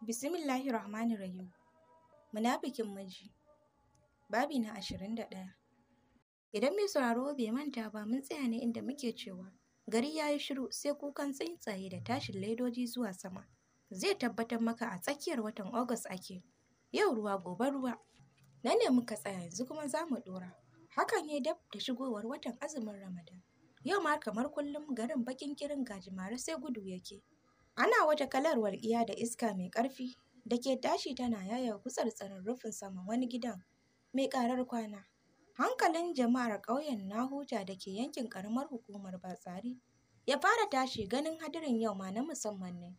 bismillahi Rahmanir Rahim. Munafikin miji. Babi na 21. Idan mai sauraro bai manta ba mun tsaya ne inda muke cewa gari ya yi shiru sai kukan tsintsaye da tashin laidoji zuwa sama. Zai tabbatar maka a tsakiyar watan August ake. Yau ruwa gobe ruwa. Nan ne muka tsaya yanzu kuma za mu dora. Hakan ne dab da shigowar watan azumin Ramadan. Yau ma kamar kullum garin bakin kirin gajimare sai gudu yake. Ana wata kalar walƙiya da iska mai ƙarfi da ke tashi tana yaya gutsirtsirin rufin saman wani gidan mai ƙarar kwana. Hankalin jama'ar ƙauyen na huta da ke yankin ƙaramar hukumar Batsari ya fara tashi ganin hadirin yau ma na musamman ne.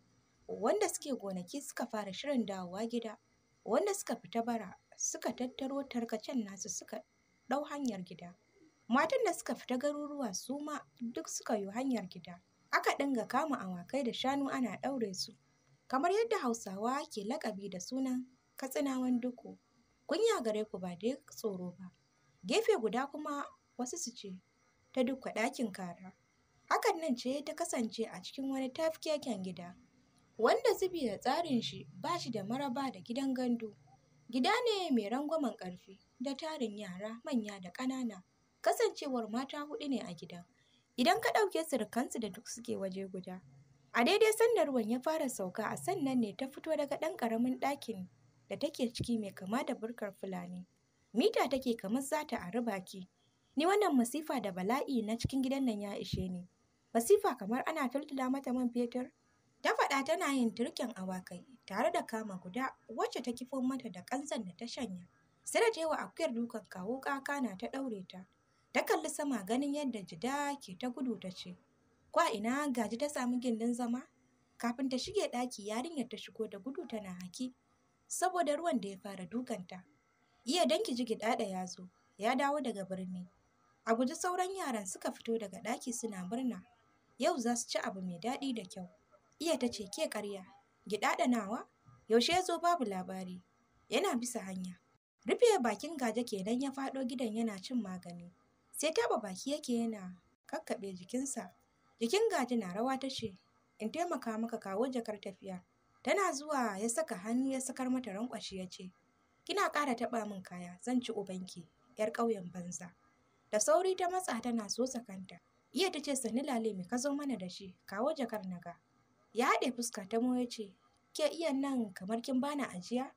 Wanda suke gonaki suka fara shirin dawowa gida, wanda suka fita bara suka tattaro tarkacen nasu suka ɗau hanyar gida. Matan da suka fita garuruwa su ma duk suka yi hanyar gida. Aka dinga kama awakai da shanu ana ɗaure su, kamar yadda Hausawa ke lakabi da sunan Katsinawan Duku. Kunya gare ku ba da tsoro ba. Gefe guda kuma wasu su ce, ta duka ɗakin kara. Hakan nan ce ta kasance a cikin wani tafkeken gida, wanda zubi da tsarin shi ba shi da maraba da gidan gandu. Gida ne mai rangwamen ƙarfi da tarin yara manya da ƙanana, kasancewar mata huɗu ne a gidan. idan ka ɗauke surukansu da duk suke waje guda. A daidai sanda ruwan ya fara sauka a sannan ne ta fito daga ɗan ƙaramin ɗakin da take ciki mai kama da burkar Fulani. Mita take kamar za ta ari baki. Ni wannan masifa da bala'i na cikin gidan nan ya ishe ni. Masifa kamar ana tultula mata man fetur. Ta faɗa tana yin turken awakai tare da kama guda wacce ta kifo mata da ƙanzan da ta shanya. Sai da ta akuyar dukan kawo ƙaƙa na ta ɗaure ta. Ta kalli sama ganin yadda jida ke ta gudu ta ce, Kwa ina gaji ta samu gindin zama? Kafin ta shige ɗaki yarinyar ta shigo da gudu tana haki, saboda ruwan da ya fara dukanta. Iya danki jigi ɗaɗa ya zo, ya dawo daga birni. A guji sauran yaran suka fito daga ɗaki suna murna. Yau za su ci abu mai daɗi da kyau. Iya ta ce ke ƙarya, giɗaɗa nawa? Yaushe ya zo babu labari. Yana bisa hanya. Rufe bakin gaje kenan ya faɗo gidan yana cin magani. sai taba baki yake yana kakkaɓe jikinsa jikin gaji na rawa ta ce in taimaka maka kawo jakar tafiya tana zuwa ya saka hannu ya sakar mata rankwashi ya ce kina ƙara taɓa min kaya zan ci ubanki yar ƙauyen banza da sauri ta matsa tana so kanta. iya ta ce sani lale me ka zo mana da shi kawo jakar na ga. ya haɗe fuska ta moya ce ke iya nan kamar kin bana ajiya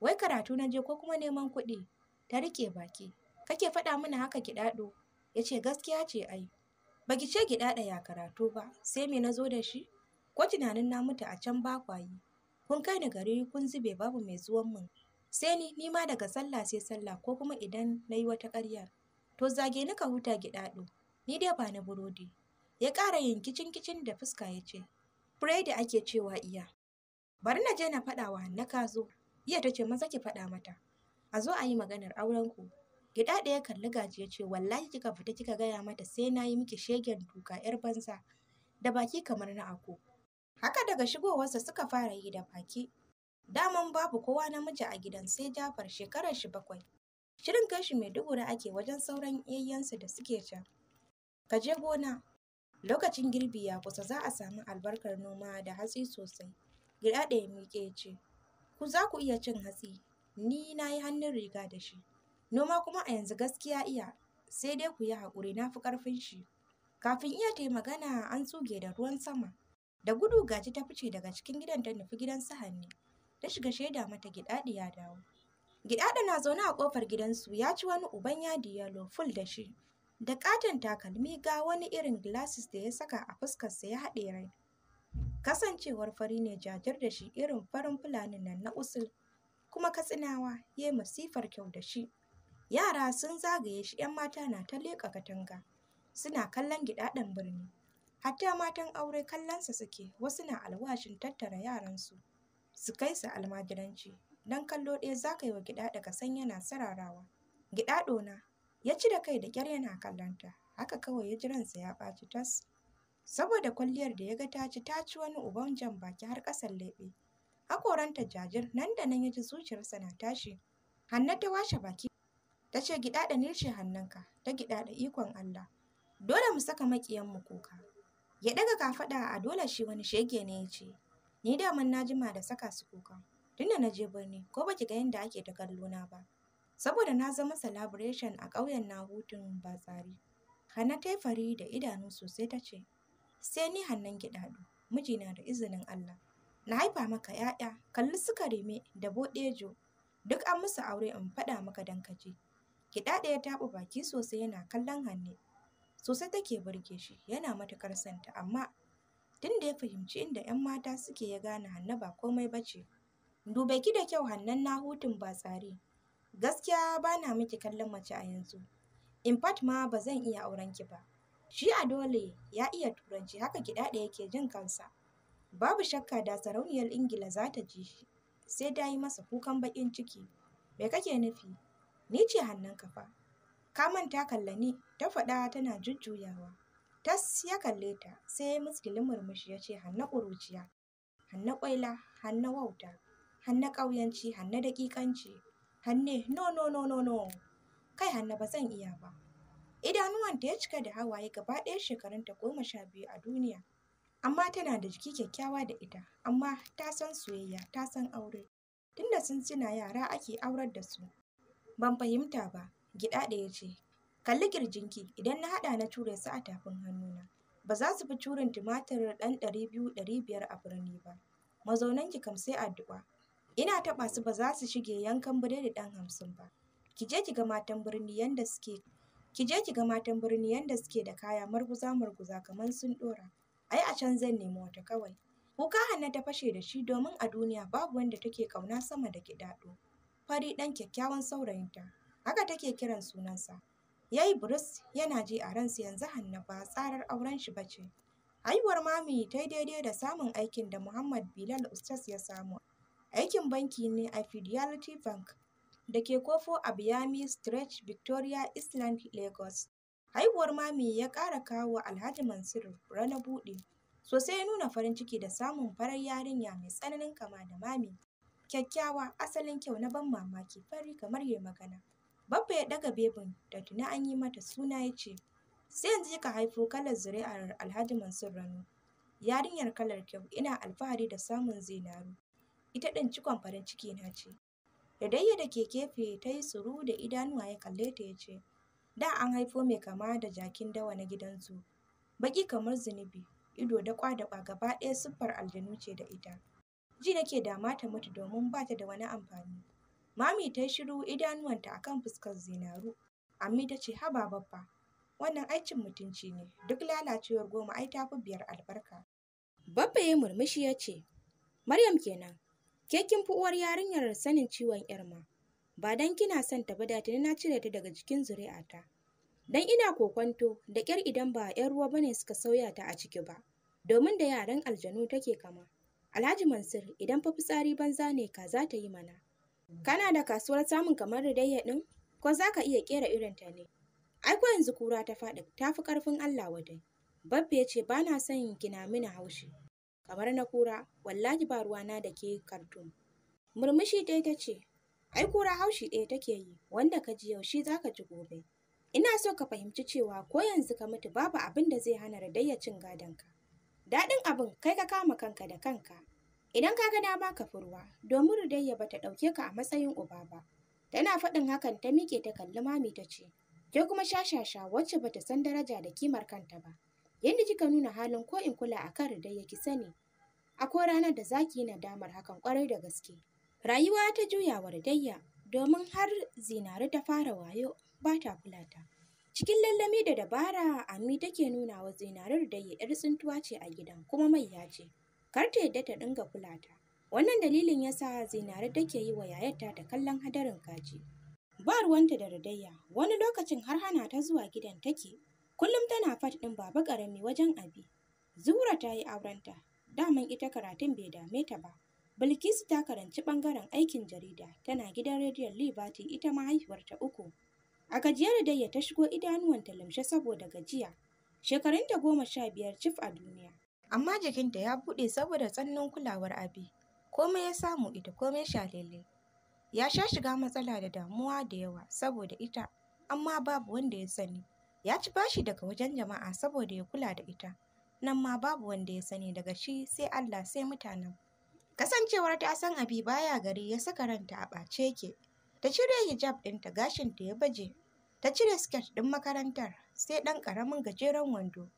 wai karatu na je ko kuma neman kuɗi ta rike baki kake faɗa mana haka gidaɗo ya ce gaskiya ce ai Ba ki ce gidaɗa ya karatu ba sai me na zo da shi ko tunanin na mutu a can bakwayi kun kai ni gari kun zube babu mai zuwan mun sai ni ni ma daga sallah sai sallah ko kuma idan na yi wata ƙarya to zage ni ka huta gidaɗo ni dai ba na burodi ya ƙara yin kicin kicin da fuska ya ce biredi ake cewa iya bari na je na faɗawa, wa na ka zo iya ta ce maza ki faɗa mata a zo a yi maganar aurenku gida ɗaya kalli gaji ya ce, Wallahi kika fita kika gaya mata sai na yi miki shegen duka ‘yar banza, da baki kamar na ako. Haka daga shigowarsa suka fara yi da baki. Daman babu kowa namiji a gidan sai Jafar shekarar shi bakwai. Shirin kai shi mai dubu da ake wajen sauran yayyansu da suke can. Ka je gona. Lokacin girbi ya kusa za a samu albarkar noma da hatsi sosai. Gida ɗaya miƙe ya ce, Ku za ku iya cin hatsi, ni na yi hannun riga da shi. Noma kuma a yanzu gaskiya iya, sai dai ku yi haƙuri na fi ƙarfin shi. Kafin iya ta yi magana an tsuge da ruwan sama. Da gudu gaji ta fice daga cikin gidan ta nufi gidan su Hanne. Ta shiga shaida mata gidaɗi ya dawo. Gidaɗi na zaune a ƙofar gidansu ya ci wani uban yadi yalo ful da shi. Da ƙaton takalmi ga wani irin glasses da ya saka a fuskarsa ya haɗe rai. Kasancewar fari ne jajar da shi irin farin fulanin nan na usul. Kuma katsinawa ya yi masifar kyau da shi. Yara sun zagaye shi ‘yan mata na ta leƙa katanga, suna kallon gidaɗen birni. Hatta matan aure kallonsa suke, wasu na alwashin tattara yaransu su kai su almajiranci. Don kallo ɗaya za ka yi wa gidaɗa daga san yana sararawa. Gidaɗo na, ya ci da kai da ƙyar yana kallonta, haka kawai ya ji ransa ya ɓaci tas. Saboda kwalliyar da ya ga ta ci ta ci wani uban jan baki har ƙasan leɓe. Hakoranta jajir nan da nan ya ji zuciyarsa na tashi. Hanna ta washe baki ta ce gidaɗa nishin hannunka ta gidaɗa ikon Allah dole mu saka makiyan mu kuka ya daga kafaɗa a dole shi wani shege ne ya ce ni da mun na jima da saka su kuka tunda na je birni ko baki ga yadda ake ta kallo na ba saboda na zama celebration a ƙauyen na hutun batsari hanna ta yi fari da idanu sosai ta ce sai ni hannun gidaɗo mijina da izinin Allah na haifa maka ‘ya'ya kalli suka reme da boɗejo duk an musu aure in faɗa maka dan kaje Kiɗa ɗaya ta taɓa baki sosai yana kallon Hanne. Sosai take burge shi, yana matuƙar santa amma tun da ya fahimci inda 'yan mata suke ya gane hannu ba komai ba ce. Dube ki da kyau Hannen na hutun ba tsari. Gaskiya ba na miki kallon mace a yanzu. In fact ma ba zan iya auren ki ba. Shi a dole ya iya turanci haka kiɗa ɗaya yake jin kansa. Babu shakka da sarauniyar Ingila za ta ji shi, sai ta yi masa kukan baƙin ciki. Me kake nufi? ni ce hannunka fa ka manta kalla ni ta faɗa tana jujjuyawa tas ya kalle ta sai ya muskilin murmushi ya ce hanna ƙuruciya hanna ƙwaila hanna wauta hanna ƙauyanci hanna daƙiƙanci hanne no no no no no kai hanna ba zan iya ba idanuwanta ya cika da hawaye gaba ɗaya shekarunta goma sha biyu a duniya amma tana da jiki kyakkyawa da ita amma ta san soyayya ta san aure tunda sun suna yara ake aurar da su Ban fahimta ba, gida ya ce. Kalli kirjinki idan na haɗa na ture su a tafin hannuna. Ba za su fi curin tumatir ɗan ɗari biyu ɗari biyar a birni ba. Mazaunanki kam sai addu'a. Ina taɓa su ba za su shige yankan biredi ɗan hamsin ba. Ki je ki ga matan birni yanda suke ki je ki ga matan birni yanda suke da kaya marguza marguza kamar sun ɗora. Ai a can zan nemi wata kawai. Kuka Hanna ta fashe da shi domin a duniya babu wanda take ƙauna sama da gidaɗo fari ɗan kyakkyawan saurayinta haka take kiran sunansa ya yi burus yana ji a ransa yanzu hanna ba tsarar auren shi bace haihuwar mami ta yi daidai da samun aikin da muhammad bilal ustas ya samu aikin banki ne a fidelity bank da ke kofo a Biami Stretch Victoria Island Lagos. Haihuwar mami ya ƙara kawo Alhaji Mansur ranar buɗe. Sosai ya nuna farin ciki da samun farar yarinya mai tsananin kama da mami. Kyakkyawa, asalin kyau na ban mamaki, fari kamar magana. Babba ya ɗaga bebin da tuni an yi mata suna ya ce, Sai yanzu kika haifo kalar zuri'ar Alhaji Mansur Rano. Yarinyar kalar kyau, ina alfahari da samun zinaru. Ita ɗin cikon farin ciki na ce. Da dai da ke kefe ta yi da idanuwa ya kalle ta ya ce, Da an haifo mai kama da jakin dawa na gidansu. Baki kamar zunubi, ido da daƙwa gaba ɗaya siffar aljanu ce da ita. ji nake dama ta mutu domin ba ta da wani amfani. Mami ta shiru idanuwanta a kan fuskar zinaru. amma ta ce haba babba, wannan aikin mutunci ne, duk lalacewar goma ai ta fi biyar albarka. Babba ya murmushi ya ce, Maryam kenan, ke kin fi uwar yarinyar sanin ciwon yarma. Ba dan kina son ta ba da na cire ta daga jikin ta." Dan ina kokwanto da ƙyar idan ba 'yan ruwa bane suka sauya ta a ciki ba, domin da yaran aljanu take kama. Alhaji Mansur idan fa fitsari banza ne ka za ta yi mana. Kana da kasuwar samun kamar ridayya ɗin? Ko za ka iya irin ta ne? Ai ko yanzu kura ta faɗi ta fi ƙarfin Allah wadai. Babbe ya ce ba na son gina mini haushi. Kamar na kura, wallahi ba ruwana da ke kartun. Murmushi ɗaya ta ce, ai kura haushi ɗaya take yi, wanda ka ji yaushe za ka ji gobe. Ina so ka fahimci cewa ko yanzu ka mutu babu abin da zai hana radayya cin gadonka. Daɗin abin kai ka kama kanka da kanka. Idan ka ga na baka furwa, domin Rudayya ba ta ɗauke ka a matsayin uba ba. Tana faɗin hakan ta miƙe ta kalli mami ta ce, Ke kuma shashasha wacce bata san daraja da kimar kanta ba. Yadda kika nuna halin ko in kula a kan Rudayya ki sani. Akwai ranar da za ki yi nadamar hakan kwarai da gaske. Rayuwa ta juyawa wa domin har zinari ta fara wayo ba ta kula Cikin lallami da dabara, Ami take nuna wa zinarar da ya ‘yar tsintuwa ce a gidan kuma mai ya ce, kar ta yadda ta dinga kula ta. Wannan dalilin ya sa zinarar take yi wa yayarta da kallon hadarin kaji. Ba ruwanta da radayya, wani lokacin har hana ta zuwa gidan take, kullum tana fat ɗin baba ƙarami wajen abi. Zura ta yi aurenta, daman ita karatun bai dame ta ba. Bilkisu ta karanci ɓangaren aikin jarida, tana gidan rediyon Liberty ita mahaifiyarta uku. A gajiyar da ya ta shigo idanuwanta lamshe saboda gajiya. Shekarun Shekarunta goma sha biyar cif a duniya. Amma jikinta ya buɗe saboda tsannin kulawar abi. Komai ya samu ita komai shalele. Ya sha shiga matsala da damuwa da yawa saboda ita, amma babu wanda ya sani. Ya ci bashi daga wajen jama'a saboda ya kula da ita. Nan ma babu wanda ya sani daga shi sai Allah sai mutanen. Kasancewar ta san abi baya gari ya saka ranta a ɓace ke. ta cire hijab ɗinta gashinta ya baje ta cire siket ɗin makarantar sai ɗan ƙaramin gajeren wando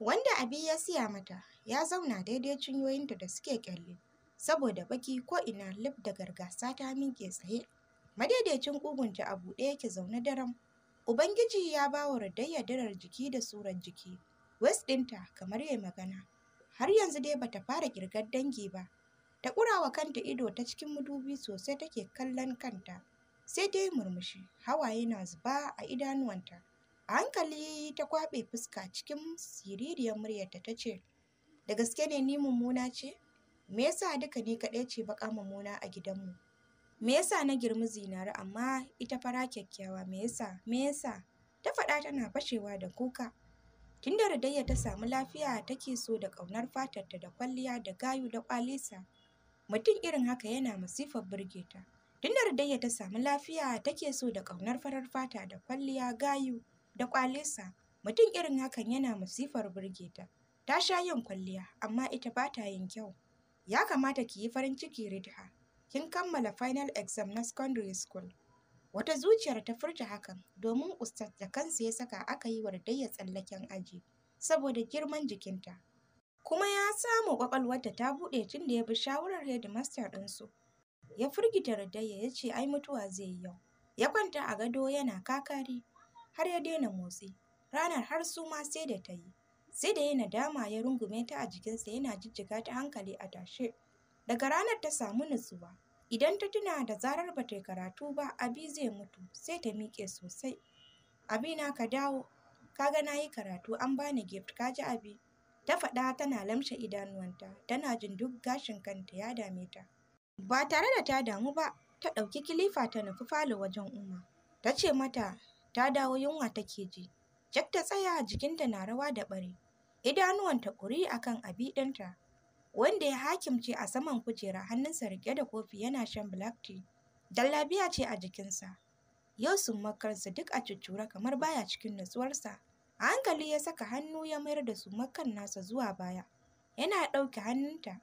wanda abi ya siya mata ya zauna daidai cinyoyinta da suke kyalle saboda baki ko ina lif da gargasa ta miƙe tsaye madaidaicin ƙugunta a buɗe yake zaune daram ubangiji ya ba wa radayya darar jiki da surar jiki west ɗinta kamar ya magana har yanzu dai bata fara ƙirgar dangi ba ta wa kanta ido ta cikin madubi sosai take kallon kanta sai dai murmushi hawaye na zuba a idanuwanta a hankali ta kwaɓe fuska cikin siririyar muryarta ta ce da gaske ne ni mummuna ce me yasa duka ni kaɗai ce baƙa mummuna a gidanmu me yasa na girmi zinari amma ita fara kyakkyawa me yasa me yasa ta faɗa tana fashewa da kuka tun da radayya ta samu lafiya take so da ƙaunar fatarta da kwalliya da gayu da kwalisa. mutum irin haka yana masifar birge ta Tun da Rudayya ta samu lafiya take so da ƙaunar farar fata da kwalliya gayu da ƙwalisa. Mutum irin hakan yana masifar burge ta. Ta sha yin kwalliya amma ita ba ta yin kyau. Ya kamata ki yi farin ciki Ridha. Kin kammala final exam na secondary school. Wata zuciyar ta furta hakan domin ustaz da kansa ya saka aka yi wa Rudayya tsallaken aji saboda girman jikinta. Kuma ya samu ƙwaƙwalwarta ta buɗe tun da ya bi shawarar headmaster ɗinsu Ya firgita Rudayya ya ce ai mutuwa zai yi yau. Ya kwanta a gado yana kakari har ya daina motsi. Ranar har su ma sai da ta yi. Sai da ya nadama ya rungume ta a jikinsa yana jijjiga ta hankali a tashe. Daga ranar ta samu nutsuwa. Idan ta tuna da zarar ba ta yi karatu ba, abi zai mutu sai ta miƙe sosai. Abina ka dawo, kaga na yi karatu an bani gift ka ji abi. Ta faɗa tana lamshe idanuwanta, tana jin duk gashin kanta ya dame ta. Ba tare da ta damu ba, ta ɗauki kilifa ta nufi falo wajen Umma. Ta ce mata ta dawo yunwa take ji. jak ta tsaya jikinta na rawa da ɓari. Idanuwanta ƙuri a kan abi ɗinta, wanda ya hakimce a saman kujera hannunsa riƙe da kofi yana shan black tea. Dallabiya ce a jikinsa. Yau sun makarsa duk a cuccura kamar baya cikin nutsuwarsa. A hankali ya saka hannu ya mayar da su makan nasa zuwa baya. Yana ɗauke hannunta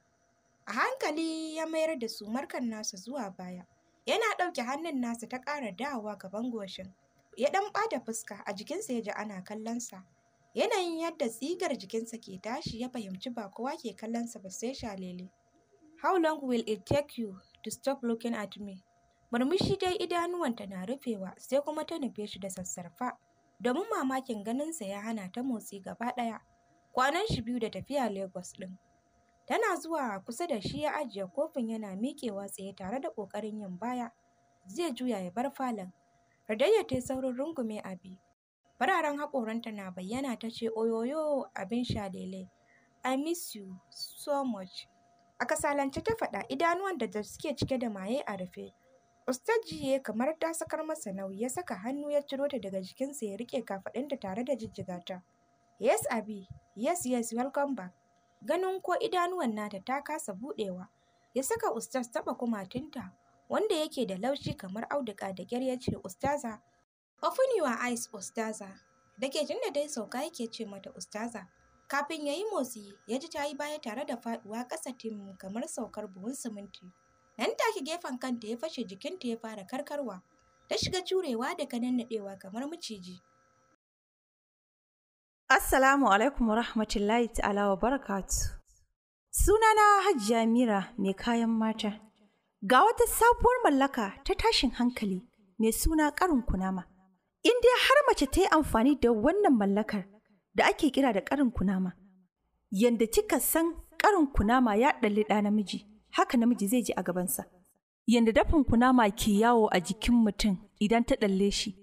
A hankali ya mayar da su markan nasa zuwa baya. Yana ɗauke hannun nasa ta ƙara dawowa ga bangoshin Ya ɗan ɓata fuska a jikinsa ya ji ana kallonsa. Yanayin yadda tsigar jikinsa ke tashi ya fahimci ba kowa ke kallonsa ba sai shalele. How long will it take you to stop looking at me? Murmushi dai idanuwanta na rufewa sai kuma ta nufe shi da sassarfa. Domin mamakin ganinsa ya hana ta motsi gaba ɗaya. Kwanan shi biyu da tafiya Lagos ɗin. Tana zuwa kusa da shi ya ajiye kofin yana miƙewa tsaye tare da ƙoƙarin yin baya. Zai juya ya bar falon. Radayya ta yi saurin rungume abi. Fararen hakoranta na bayyana ta ce oyoyo abin sha lele. I miss you so much. A kasalance ta faɗa idanuwan da suke cike da maye a rufe. ya kamar ta sakar masa nauyi ya saka hannu ya ciro ta daga jikinsa ya riƙe kafaɗinta tare da jijjiga ta. Yes abi, yes yes welcome back. ganin ko idanuwan nata ta kasa buɗewa ya saka ustaz taɓa kumatinta wanda yake da laushi kamar auduka da ƙyar ya ce ustaza open your eyes ustaza da ke jin da dai sauka yake ce mata ustaza kafin ya yi motsi ya ji ta yi baya tare da faɗuwa ƙasa timu kamar saukar buhun siminti nan take gefen kanta ya fashe jikinta ya fara karkarwa ta shiga curewa da kanannaɗewa kamar miciji Assalamu alaikum wa rahmatullahi ta'ala wa barakatu. Sunana Hajiya Mira mai kayan mata. Ga wata sabuwar mallaka ta tashin hankali mai suna karin kunama. In dai har mace ta yi amfani da wannan mallakar da ake kira da karin kunama. Yanda kika san karin kunama ya ɗalli ɗa namiji, haka namiji zai ji a gabansa. Yanda dafin kunama ke yawo a jikin mutum idan ta ɗalle shi,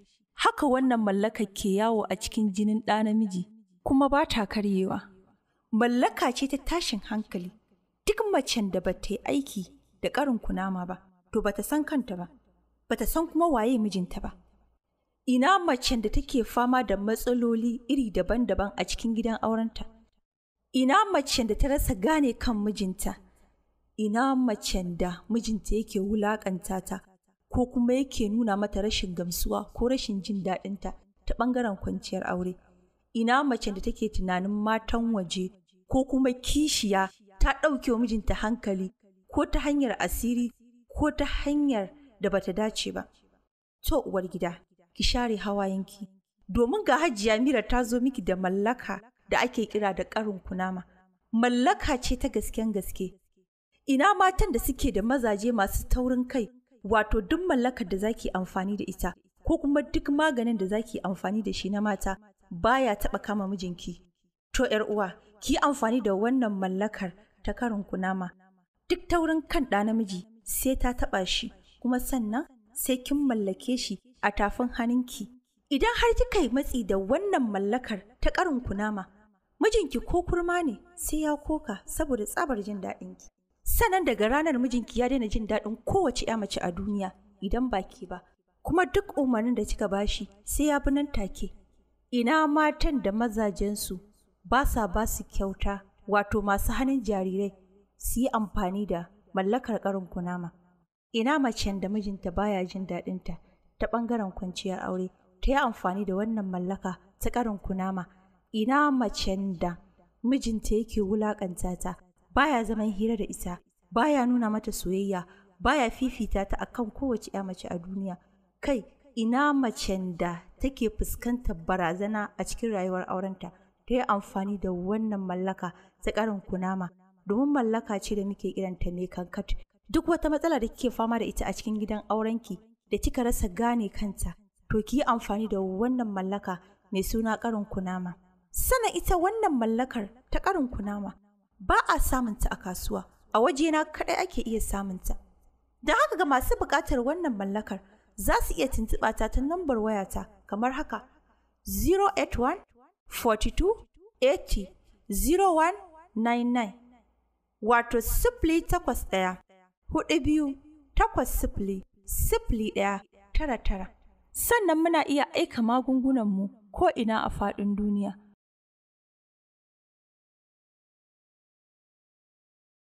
haka wannan mallakar ke yawo a cikin jinin ɗa namiji kuma ba ta karyewa. Mallaka ce ta tashin hankali, duk macen da ba ta yi aiki da ƙarin kunama ba, to ba ta san kanta ba, ba ta san kuma waye mijinta ba. Ina macen da take fama da matsaloli iri daban-daban a cikin gidan aurenta? Ina macen da ta rasa gane kan mijinta? Ina macen da mijinta yake wulaƙanta ta ko kuma yake nuna mata rashin gamsuwa ko rashin jin daɗinta ta ɓangaren kwanciyar aure? ina macen da take tunanin matan waje ko kuma kishiya ta ɗauke wa mijinta hankali ko ta hanyar asiri ko ta hanyar da bata dace ba. To uwar gida, ki share hawayenki, domin ga hajiya mira ta zo miki da mallaka da ake kira da ƙarin kunama. Mallaka ce ta gasken gaske. Ina matan da suke da mazaje masu taurin kai, wato duk mallakar da zaki amfani da ita, ko kuma duk maganin da zaki amfani da shi na mata, baya taɓa kama mijinki. To ‘yar uwa, ki amfani da wannan mallakar ta karin kunama. Duk taurin kan ɗa namiji sai ta taɓa shi, kuma sannan sai kin mallake shi a tafin hannunki. Idan har kika yi matsi da wannan mallakar ta karin kunama, mijinki ko kurma ne sai ya koka saboda tsabar jin daɗinki. Sannan daga ranar mijinki ya daina jin daɗin kowace ya mace a duniya idan ba ke ba, kuma duk umarnin da kika bashi sai ya bi nan take. ina matan da mazajensu ba sa ba su kyauta wato masu hannun jarirai su yi amfani da mallakar karin kunama ina macen da mijinta baya jin daɗinta ta ɓangaren kwanciyar aure ta yi amfani da wannan mallaka ta karin kunama ina macen da mijinta yake wulaƙanta ta baya zaman hira da ita baya nuna mata soyayya baya fifita ta akan kowace ya mace a duniya kai ina macen da take fuskantar barazana a cikin rayuwar aurenta ta yi amfani da wannan mallaka ta karin kunama domin mallaka ce da muke kiranta ne kankat duk wata matsala da kike fama da ita a cikin gidan aurenki da kika rasa gane kanta to ki yi amfani da wannan mallaka mai suna karin kunama sana ita wannan mallakar ta karin kunama ba a samunta a kasuwa a wajena kaɗai ake iya samunta da haka ga masu bukatar wannan mallakar za su iya tuntuɓa ta ta nambar wayata kamar haka 081 42 80 0199 wato sifili takwas ɗaya hudu biyu takwas sifili sifili ɗaya tara tara sannan muna iya aika magungunanmu ko ina a faɗin duniya